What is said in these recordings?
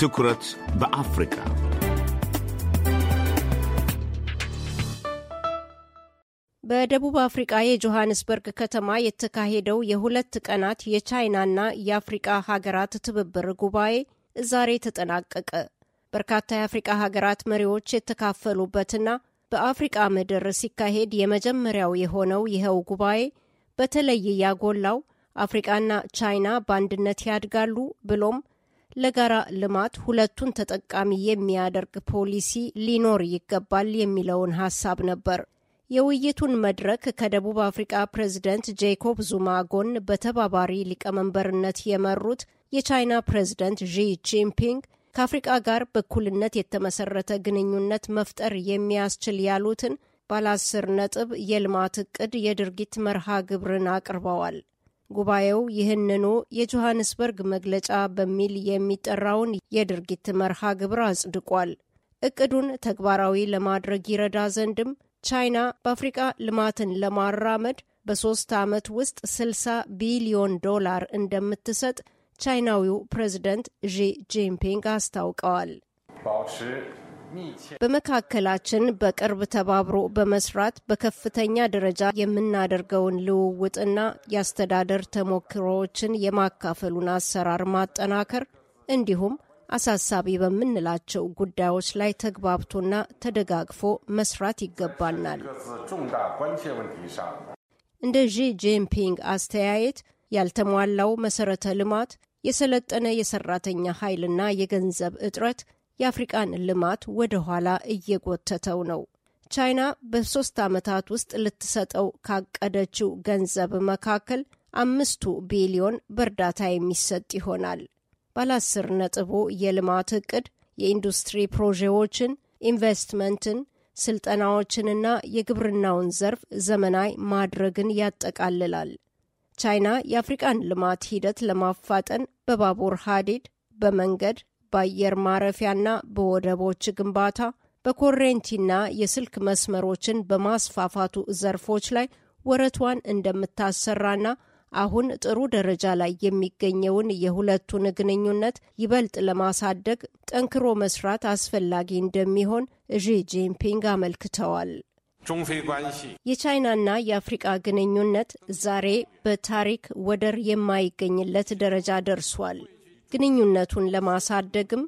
ትኩረት በአፍሪካ በደቡብ አፍሪቃ የጆሐንስበርግ ከተማ የተካሄደው የሁለት ቀናት የቻይናና የአፍሪቃ ሀገራት ትብብር ጉባኤ ዛሬ ተጠናቀቀ። በርካታ የአፍሪቃ ሀገራት መሪዎች የተካፈሉበትና በአፍሪቃ ምድር ሲካሄድ የመጀመሪያው የሆነው ይኸው ጉባኤ በተለይ ያጎላው አፍሪቃና ቻይና በአንድነት ያድጋሉ ብሎም ለጋራ ልማት ሁለቱን ተጠቃሚ የሚያደርግ ፖሊሲ ሊኖር ይገባል የሚለውን ሀሳብ ነበር። የውይይቱን መድረክ ከደቡብ አፍሪቃ ፕሬዝደንት ጄኮብ ዙማ ጎን በተባባሪ ሊቀመንበርነት የመሩት የቻይና ፕሬዝደንት ዢ ጂንፒንግ ከአፍሪቃ ጋር በእኩልነት የተመሰረተ ግንኙነት መፍጠር የሚያስችል ያሉትን ባለ አስር ነጥብ የልማት እቅድ የድርጊት መርሃ ግብርን አቅርበዋል። ጉባኤው ይህንኑ የጆሐንስበርግ መግለጫ በሚል የሚጠራውን የድርጊት መርሃ ግብር አጽድቋል። እቅዱን ተግባራዊ ለማድረግ ይረዳ ዘንድም ቻይና በአፍሪቃ ልማትን ለማራመድ በሶስት ዓመት ውስጥ 60 ቢሊዮን ዶላር እንደምትሰጥ ቻይናዊው ፕሬዚደንት ዢ ጂንፒንግ አስታውቀዋል። በመካከላችን በቅርብ ተባብሮ በመስራት በከፍተኛ ደረጃ የምናደርገውን ልውውጥና የአስተዳደር ተሞክሮዎችን የማካፈሉን አሰራር ማጠናከር እንዲሁም አሳሳቢ በምንላቸው ጉዳዮች ላይ ተግባብቶና ተደጋግፎ መስራት ይገባናል። እንደ ዢ ጂንፒንግ አስተያየት ያልተሟላው መሰረተ ልማት፣ የሰለጠነ የሰራተኛ ኃይልና የገንዘብ እጥረት የአፍሪቃን ልማት ወደ ኋላ እየጎተተው ነው። ቻይና በሶስት ዓመታት ውስጥ ልትሰጠው ካቀደችው ገንዘብ መካከል አምስቱ ቢሊዮን በእርዳታ የሚሰጥ ይሆናል። ባለ ነጥቡ የልማት እቅድ የኢንዱስትሪ ፕሮጀክቶችን፣ ኢንቨስትመንትን፣ ስልጠናዎችንና የግብርናውን ዘርፍ ዘመናዊ ማድረግን ያጠቃልላል። ቻይና የአፍሪቃን ልማት ሂደት ለማፋጠን በባቡር ሀዲድ፣ በመንገድ፣ በአየር ማረፊያና በወደቦች ግንባታ፣ በኮሬንቲና የስልክ መስመሮችን በማስፋፋቱ ዘርፎች ላይ ወረቷን እንደምታሰራና አሁን ጥሩ ደረጃ ላይ የሚገኘውን የሁለቱን ግንኙነት ይበልጥ ለማሳደግ ጠንክሮ መስራት አስፈላጊ እንደሚሆን ዢ ጂንፒንግ አመልክተዋል። የቻይናና የአፍሪቃ ግንኙነት ዛሬ በታሪክ ወደር የማይገኝለት ደረጃ ደርሷል። ግንኙነቱን ለማሳደግም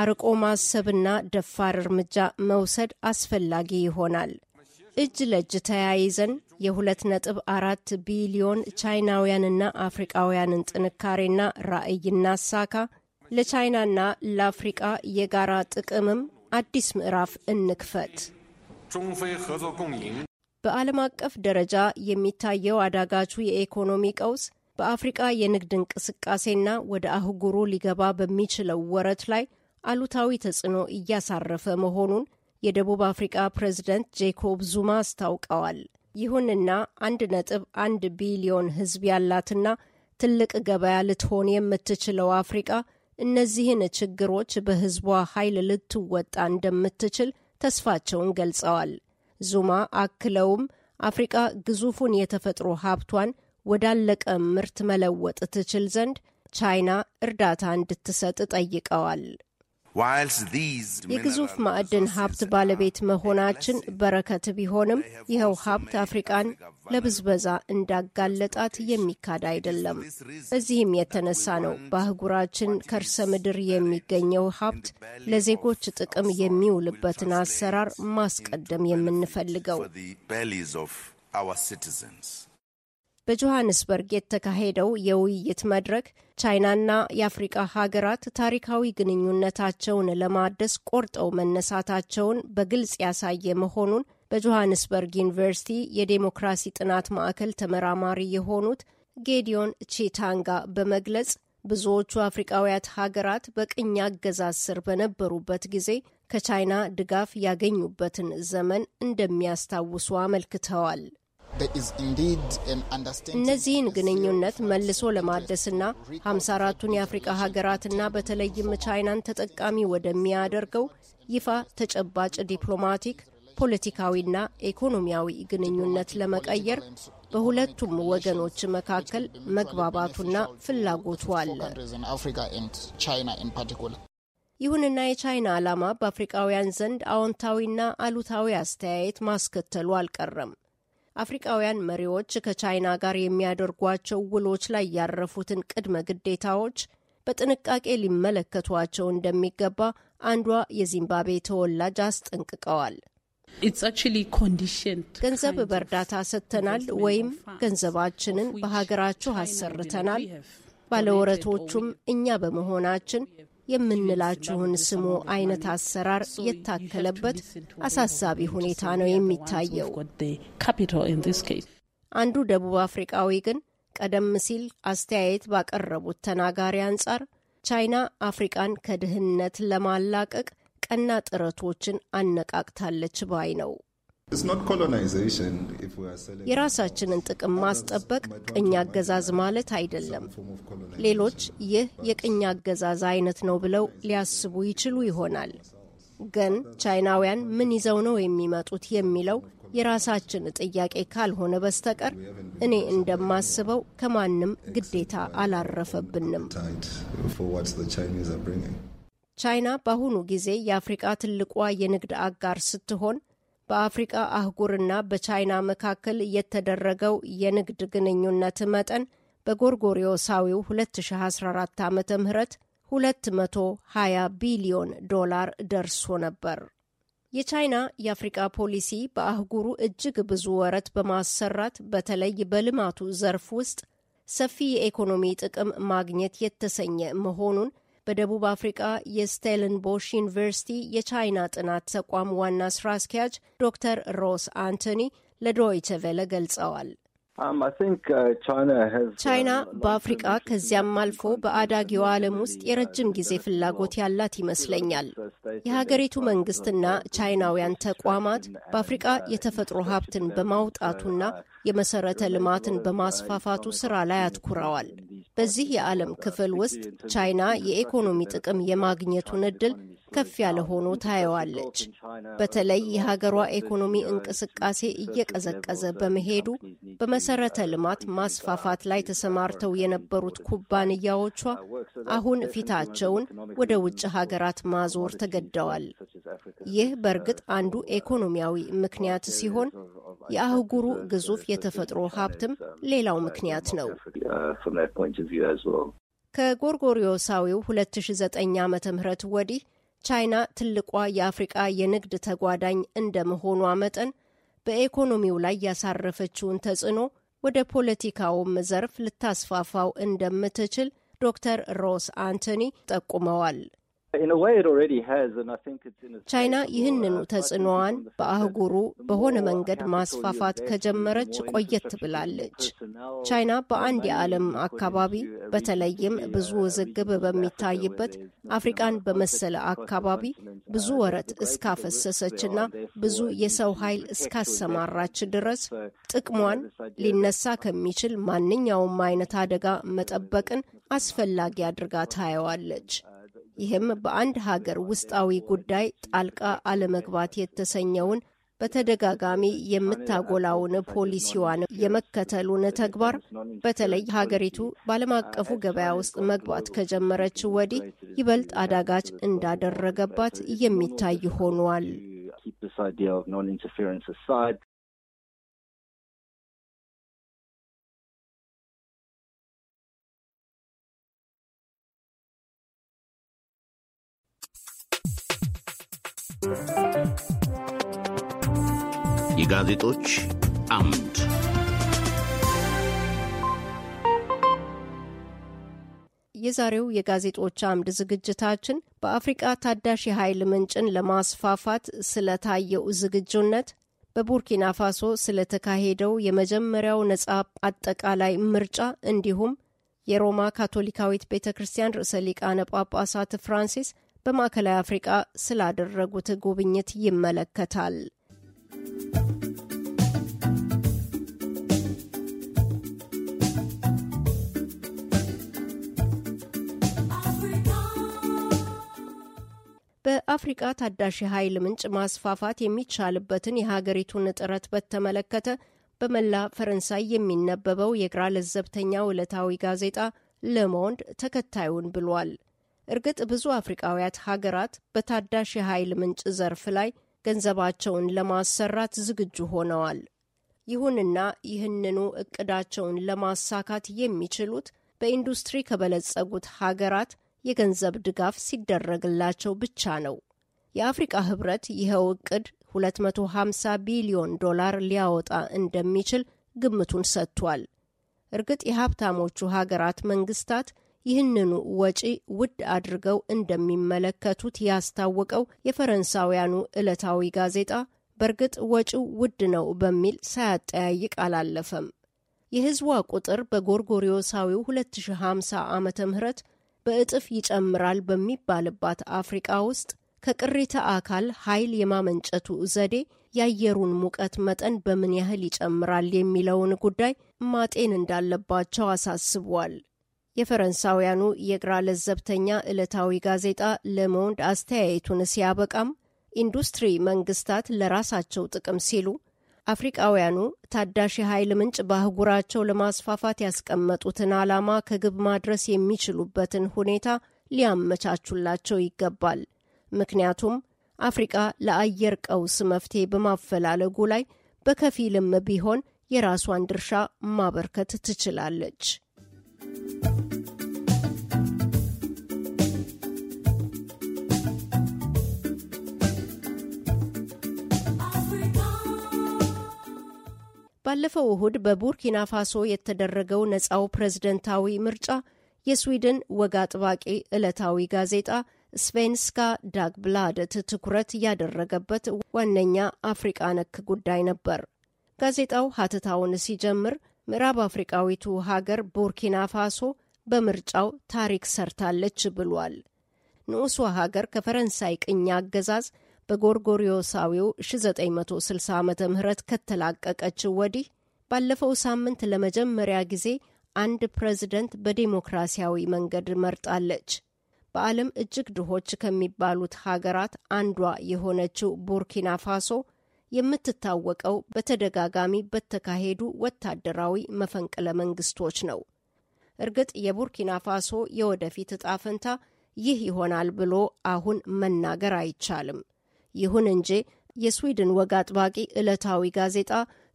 አርቆ ማሰብና ደፋር እርምጃ መውሰድ አስፈላጊ ይሆናል። እጅ ለእጅ ተያይዘን የ2.4 ቢሊዮን ቻይናውያንና አፍሪቃውያንን ጥንካሬና ራዕይ እናሳካ። ለቻይናና ለአፍሪቃ የጋራ ጥቅምም አዲስ ምዕራፍ እንክፈት። በዓለም አቀፍ ደረጃ የሚታየው አዳጋቹ የኢኮኖሚ ቀውስ በአፍሪቃ የንግድ እንቅስቃሴና ወደ አህጉሩ ሊገባ በሚችለው ወረት ላይ አሉታዊ ተጽዕኖ እያሳረፈ መሆኑን የደቡብ አፍሪቃ ፕሬዝደንት ጄኮብ ዙማ አስታውቀዋል። ይሁንና አንድ ነጥብ አንድ ቢሊዮን ህዝብ ያላትና ትልቅ ገበያ ልትሆን የምትችለው አፍሪቃ እነዚህን ችግሮች በህዝቧ ኃይል ልትወጣ እንደምትችል ተስፋቸውን ገልጸዋል። ዙማ አክለውም አፍሪቃ ግዙፉን የተፈጥሮ ሀብቷን ወዳለቀ ምርት መለወጥ ትችል ዘንድ ቻይና እርዳታ እንድትሰጥ ጠይቀዋል። የግዙፍ ማዕድን ሀብት ባለቤት መሆናችን በረከት ቢሆንም ይኸው ሀብት አፍሪቃን ለብዝበዛ እንዳጋለጣት የሚካድ አይደለም። እዚህም የተነሳ ነው በአህጉራችን ከርሰ ምድር የሚገኘው ሀብት ለዜጎች ጥቅም የሚውልበትን አሰራር ማስቀደም የምንፈልገው። በጆሃንስበርግ የተካሄደው የውይይት መድረክ ቻይናና የአፍሪቃ ሀገራት ታሪካዊ ግንኙነታቸውን ለማደስ ቆርጠው መነሳታቸውን በግልጽ ያሳየ መሆኑን በጆሃንስበርግ ዩኒቨርሲቲ የዴሞክራሲ ጥናት ማዕከል ተመራማሪ የሆኑት ጌዲዮን ቺታንጋ በመግለጽ ብዙዎቹ አፍሪቃውያት ሀገራት በቅኝ አገዛዝ ስር በነበሩበት ጊዜ ከቻይና ድጋፍ ያገኙበትን ዘመን እንደሚያስታውሱ አመልክተዋል። እነዚህን ግንኙነት መልሶ ለማደስና 54ቱን የአፍሪቃ ሀገራትና በተለይም ቻይናን ተጠቃሚ ወደሚያደርገው ይፋ ተጨባጭ ዲፕሎማቲክ፣ ፖለቲካዊና ኢኮኖሚያዊ ግንኙነት ለመቀየር በሁለቱም ወገኖች መካከል መግባባቱና ፍላጎቱ አለ። ይሁንና የቻይና ዓላማ በአፍሪቃውያን ዘንድ አዎንታዊና አሉታዊ አስተያየት ማስከተሉ አልቀረም። አፍሪቃውያን መሪዎች ከቻይና ጋር የሚያደርጓቸው ውሎች ላይ ያረፉትን ቅድመ ግዴታዎች በጥንቃቄ ሊመለከቷቸው እንደሚገባ አንዷ የዚምባብዌ ተወላጅ አስጠንቅቀዋል። ገንዘብ በእርዳታ ሰጥተናል ወይም ገንዘባችንን በሀገራችሁ አሰርተናል፣ ባለወረቶቹም እኛ በመሆናችን የምንላችሁን ስሙ አይነት አሰራር የታከለበት አሳሳቢ ሁኔታ ነው የሚታየው። አንዱ ደቡብ አፍሪቃዊ ግን ቀደም ሲል አስተያየት ባቀረቡት ተናጋሪ አንጻር ቻይና አፍሪቃን ከድህነት ለማላቀቅ ቀና ጥረቶችን አነቃቅታለች ባይ ነው። የራሳችንን ጥቅም ማስጠበቅ ቅኝ አገዛዝ ማለት አይደለም። ሌሎች ይህ የቅኝ አገዛዝ አይነት ነው ብለው ሊያስቡ ይችሉ ይሆናል። ግን ቻይናውያን ምን ይዘው ነው የሚመጡት የሚለው የራሳችን ጥያቄ ካልሆነ በስተቀር እኔ እንደማስበው ከማንም ግዴታ አላረፈብንም። ቻይና በአሁኑ ጊዜ የአፍሪቃ ትልቋ የንግድ አጋር ስትሆን በአፍሪቃ አህጉርና በቻይና መካከል የተደረገው የንግድ ግንኙነት መጠን በጎርጎሪዮሳዊው 2014 ዓ ም 220 ቢሊዮን ዶላር ደርሶ ነበር። የቻይና የአፍሪቃ ፖሊሲ በአህጉሩ እጅግ ብዙ ወረት በማሰራት በተለይ በልማቱ ዘርፍ ውስጥ ሰፊ የኢኮኖሚ ጥቅም ማግኘት የተሰኘ መሆኑን በደቡብ አፍሪቃ የስቴልንቦሽ ዩኒቨርሲቲ የቻይና ጥናት ተቋም ዋና ስራ አስኪያጅ ዶክተር ሮስ አንቶኒ ለዶይቸ ቬለ ገልጸዋል። um, uh, uh, ቻይና በአፍሪቃ ከዚያም አልፎ በአዳጊው ዓለም ውስጥ የረጅም ጊዜ uh, ፍላጎት ያላት ይመስለኛል። የሀገሪቱ መንግስትና ቻይናውያን ተቋማት በአፍሪቃ የተፈጥሮ ሀብትን በማውጣቱና የመሰረተ ልማትን በማስፋፋቱ ስራ ላይ አትኩረዋል። በዚህ የዓለም ክፍል ውስጥ ቻይና የኢኮኖሚ ጥቅም የማግኘቱን እድል ከፍ ያለ ሆኖ ታየዋለች። በተለይ የሀገሯ ኢኮኖሚ እንቅስቃሴ እየቀዘቀዘ በመሄዱ በመሰረተ ልማት ማስፋፋት ላይ ተሰማርተው የነበሩት ኩባንያዎቿ አሁን ፊታቸውን ወደ ውጭ ሀገራት ማዞር ተገደዋል። ይህ በእርግጥ አንዱ ኢኮኖሚያዊ ምክንያት ሲሆን የአህጉሩ ግዙፍ የተፈጥሮ ሀብትም ሌላው ምክንያት ነው። ከጎርጎሪዮሳዊው 2009 ም ወዲህ ቻይና ትልቋ የአፍሪቃ የንግድ ተጓዳኝ እንደመሆኗ መጠን በኢኮኖሚው ላይ ያሳረፈችውን ተጽዕኖ ወደ ፖለቲካውም ዘርፍ ልታስፋፋው እንደምትችል ዶክተር ሮስ አንቶኒ ጠቁመዋል። ቻይና ይህንኑ ተጽዕኖዋን በአህጉሩ በሆነ መንገድ ማስፋፋት ከጀመረች ቆየት ብላለች። ቻይና በአንድ የዓለም አካባቢ በተለይም ብዙ uh, ውዝግብ በሚታይበት አፍሪቃን በመሰለ አካባቢ ብዙ ወረት እስካፈሰሰችና ብዙ የሰው ኃይል እስካሰማራች ድረስ ጥቅሟን ሊነሳ ከሚችል ማንኛውም አይነት አደጋ መጠበቅን አስፈላጊ አድርጋ ታየዋለች። uh, ይህም በአንድ ሀገር ውስጣዊ ጉዳይ ጣልቃ አለመግባት የተሰኘውን በተደጋጋሚ የምታጎላውን ፖሊሲዋን የመከተሉን ተግባር በተለይ ሀገሪቱ በዓለም አቀፉ ገበያ ውስጥ መግባት ከጀመረች ወዲህ ይበልጥ አዳጋች እንዳደረገባት የሚታይ ሆኗል። የጋዜጦች አምድ የዛሬው የጋዜጦች አምድ ዝግጅታችን በአፍሪቃ ታዳሽ የኃይል ምንጭን ለማስፋፋት ስለታየው ዝግጁነት፣ በቡርኪና ፋሶ ስለተካሄደው የመጀመሪያው ነጻ አጠቃላይ ምርጫ እንዲሁም የሮማ ካቶሊካዊት ቤተ ክርስቲያን ርዕሰ ሊቃነ ጳጳሳት ፍራንሲስ በማዕከላዊ አፍሪቃ ስላደረጉት ጉብኝት ይመለከታል። በአፍሪቃ ታዳሽ የኃይል ምንጭ ማስፋፋት የሚቻልበትን የሀገሪቱን ጥረት በተመለከተ በመላ ፈረንሳይ የሚነበበው የግራ ለዘብተኛ ዕለታዊ ጋዜጣ ለሞንድ ተከታዩን ብሏል። እርግጥ ብዙ አፍሪቃውያት ሀገራት በታዳሽ የኃይል ምንጭ ዘርፍ ላይ ገንዘባቸውን ለማሰራት ዝግጁ ሆነዋል። ይሁንና ይህንኑ እቅዳቸውን ለማሳካት የሚችሉት በኢንዱስትሪ ከበለጸጉት ሀገራት የገንዘብ ድጋፍ ሲደረግላቸው ብቻ ነው። የአፍሪቃ ህብረት ይኸው እቅድ 250 ቢሊዮን ዶላር ሊያወጣ እንደሚችል ግምቱን ሰጥቷል። እርግጥ የሀብታሞቹ ሀገራት መንግስታት ይህንኑ ወጪ ውድ አድርገው እንደሚመለከቱት ያስታወቀው የፈረንሳውያኑ ዕለታዊ ጋዜጣ በእርግጥ ወጪው ውድ ነው በሚል ሳያጠያይቅ አላለፈም። የህዝቧ ቁጥር በጎርጎሪዮሳዊው 2050 ዓ ምህረት በእጥፍ ይጨምራል በሚባልባት አፍሪቃ ውስጥ ከቅሪተ አካል ኃይል የማመንጨቱ ዘዴ የአየሩን ሙቀት መጠን በምን ያህል ይጨምራል የሚለውን ጉዳይ ማጤን እንዳለባቸው አሳስቧል። የፈረንሳውያኑ የግራ ለዘብተኛ ዕለታዊ ጋዜጣ ለሞንድ አስተያየቱን ሲያበቃም ኢንዱስትሪ መንግስታት ለራሳቸው ጥቅም ሲሉ አፍሪቃውያኑ ታዳሽ የኃይል ምንጭ በአህጉራቸው ለማስፋፋት ያስቀመጡትን ዓላማ ከግብ ማድረስ የሚችሉበትን ሁኔታ ሊያመቻቹላቸው ይገባል። ምክንያቱም አፍሪቃ ለአየር ቀውስ መፍትሄ በማፈላለጉ ላይ በከፊልም ቢሆን የራሷን ድርሻ ማበርከት ትችላለች። ባለፈው እሁድ በቡርኪና ፋሶ የተደረገው ነፃው ፕሬዝደንታዊ ምርጫ የስዊድን ወግ አጥባቂ ዕለታዊ ጋዜጣ ስቬንስካ ዳግ ብላደት ትኩረት ያደረገበት ዋነኛ አፍሪቃ ነክ ጉዳይ ነበር። ጋዜጣው ሀተታውን ሲጀምር ምዕራብ አፍሪቃዊቱ ሀገር ቡርኪና ፋሶ በምርጫው ታሪክ ሰርታለች ብሏል። ንዑሷ ሀገር ከፈረንሳይ ቅኝ አገዛዝ በጎርጎሪዮሳዊው 1960 ዓ ም ከተላቀቀችው ወዲህ ባለፈው ሳምንት ለመጀመሪያ ጊዜ አንድ ፕሬዝደንት በዴሞክራሲያዊ መንገድ መርጣለች። በዓለም እጅግ ድሆች ከሚባሉት ሀገራት አንዷ የሆነችው ቡርኪና ፋሶ የምትታወቀው በተደጋጋሚ በተካሄዱ ወታደራዊ መፈንቅለ መንግስቶች ነው። እርግጥ የቡርኪና ፋሶ የወደፊት እጣ ፈንታ ይህ ይሆናል ብሎ አሁን መናገር አይቻልም። ይሁን እንጂ የስዊድን ወግ አጥባቂ ዕለታዊ ጋዜጣ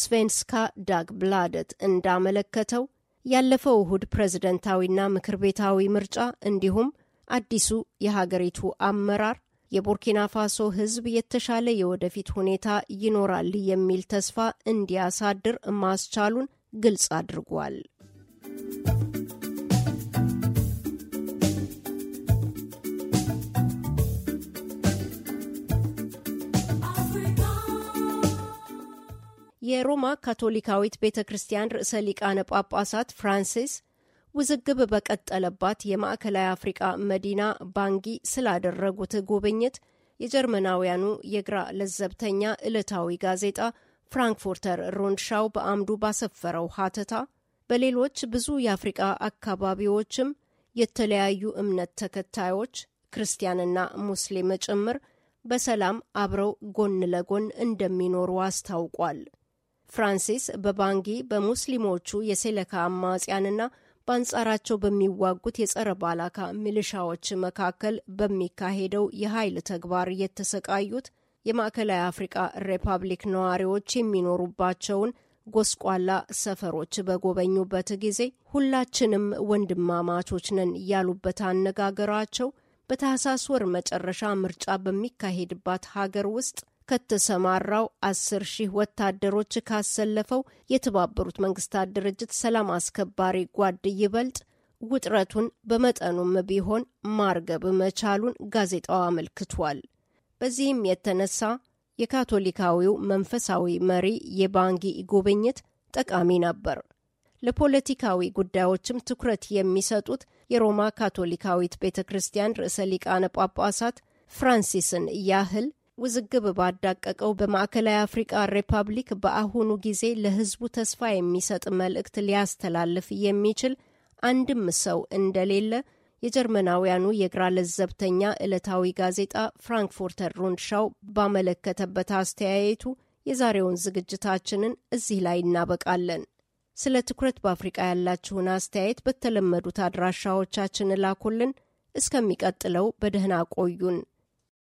ስቬንስካ ዳግ ብላደት እንዳመለከተው ያለፈው እሁድ ፕሬዝደንታዊና ምክር ቤታዊ ምርጫ እንዲሁም አዲሱ የሀገሪቱ አመራር የቡርኪና ፋሶ ሕዝብ የተሻለ የወደፊት ሁኔታ ይኖራል የሚል ተስፋ እንዲያሳድር ማስቻሉን ግልጽ አድርጓል። የሮማ ካቶሊካዊት ቤተ ክርስቲያን ርዕሰ ሊቃነ ጳጳሳት ፍራንሲስ ውዝግብ በቀጠለባት የማዕከላዊ አፍሪቃ መዲና ባንጊ ስላደረጉት ጉብኝት የጀርመናውያኑ የግራ ለዘብተኛ ዕለታዊ ጋዜጣ ፍራንክፉርተር ሮንድሻው በአምዱ ባሰፈረው ሀተታ በሌሎች ብዙ የአፍሪቃ አካባቢዎችም የተለያዩ እምነት ተከታዮች ክርስቲያንና ሙስሊም ጭምር በሰላም አብረው ጎን ለጎን እንደሚኖሩ አስታውቋል። ፍራንሲስ በባንጊ በሙስሊሞቹ የሴለካ አማጽያንና በአንጻራቸው በሚዋጉት የጸረ ባላካ ሚሊሻዎች መካከል በሚካሄደው የኃይል ተግባር የተሰቃዩት የማዕከላዊ አፍሪቃ ሪፐብሊክ ነዋሪዎች የሚኖሩባቸውን ጎስቋላ ሰፈሮች በጎበኙበት ጊዜ ሁላችንም ወንድማማቾች ነን ያሉበት አነጋገራቸው በታህሳስ ወር መጨረሻ ምርጫ በሚካሄድባት ሀገር ውስጥ ከተሰማራው አስር ሺህ ወታደሮች ካሰለፈው የተባበሩት መንግስታት ድርጅት ሰላም አስከባሪ ጓድ ይበልጥ ውጥረቱን በመጠኑም ቢሆን ማርገብ መቻሉን ጋዜጣው አመልክቷል። በዚህም የተነሳ የካቶሊካዊው መንፈሳዊ መሪ የባንጊ ጉብኝት ጠቃሚ ነበር። ለፖለቲካዊ ጉዳዮችም ትኩረት የሚሰጡት የሮማ ካቶሊካዊት ቤተ ክርስቲያን ርዕሰ ሊቃነ ጳጳሳት ፍራንሲስን ያህል ውዝግብ ባዳቀቀው በማዕከላዊ አፍሪቃ ሪፐብሊክ በአሁኑ ጊዜ ለህዝቡ ተስፋ የሚሰጥ መልእክት ሊያስተላልፍ የሚችል አንድም ሰው እንደሌለ የጀርመናውያኑ የግራ ለዘብተኛ ዕለታዊ ጋዜጣ ፍራንክፉርተር ሩንድሻው ባመለከተበት አስተያየቱ የዛሬውን ዝግጅታችንን እዚህ ላይ እናበቃለን። ስለ ትኩረት በአፍሪቃ ያላችሁን አስተያየት በተለመዱት አድራሻዎቻችን እላኩልን። እስከሚቀጥለው በደህና ቆዩን።